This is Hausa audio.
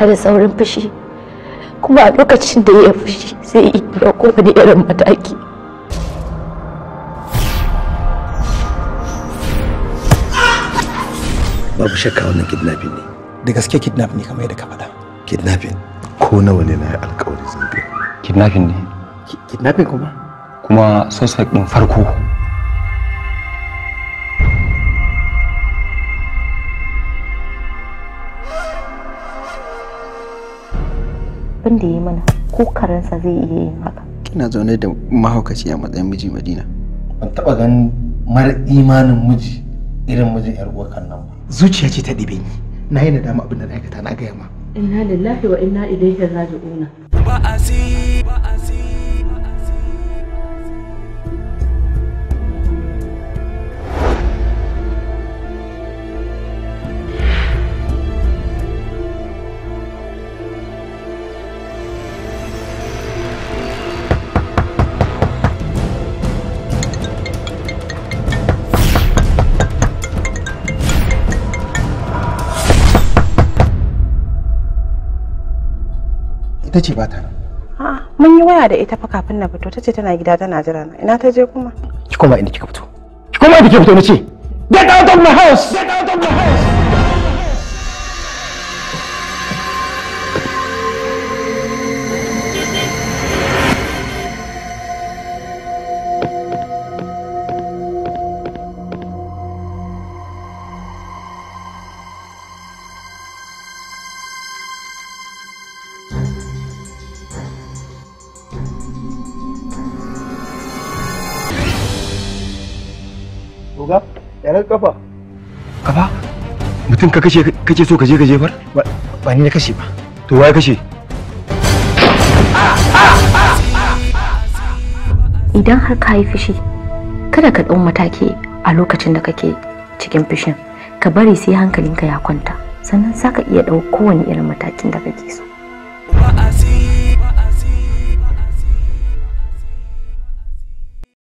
yana da saurin fushi kuma a lokacin da ya fushi sai ya ɗauko wani irin mataki babu shakka wannan kidnapping ne da gaske kidnapping ne kamar yadda ka faɗa kidnapping ko nawa ne na yi alkawari zan biya kidnapping ne kidnapping kuma kuma suspect din farko abin da ya mana ko karensa zai iya yin haka kina zaune da mahaukaci a matsayin miji madina ban taba ganin mara imanin miji irin mijin yar uwakan nan ba zuciya ce ta ɗibe ni na yi nadama abin da na aikata na gaya ma inna lillahi wa inna ilaihi raji'una ba'asi ba'asi ta ce ba ta nan mun yi waya da ita fa kafin na fito tace tana gida tana jira na ina ta je kuma ki koma inda kika fito ki koma inda kika fito ce? get out of my house get out of my house Oga, yanar kafa. Kafa? Mutum ka kashe kake so ka je ka jefar? Ba ni na kashe ba. To waye kashe? Idan har ka yi fushi, kada ka ɗau mataki a lokacin da kake cikin fushin. Ka bari sai hankalinka ya kwanta, sannan za ka iya ɗau kowane irin matakin da kake so.